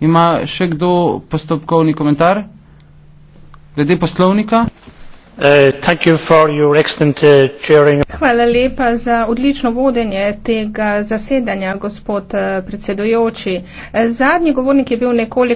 Ima še kdo postopkovni komentar? Glede poslovnika? Uh, thank you for your excellent, uh, Hvala lepa za odlično vodenje tega zasedanja, gospod uh, eh, predsedojoči. Zadnji govornik je bil nekoliko.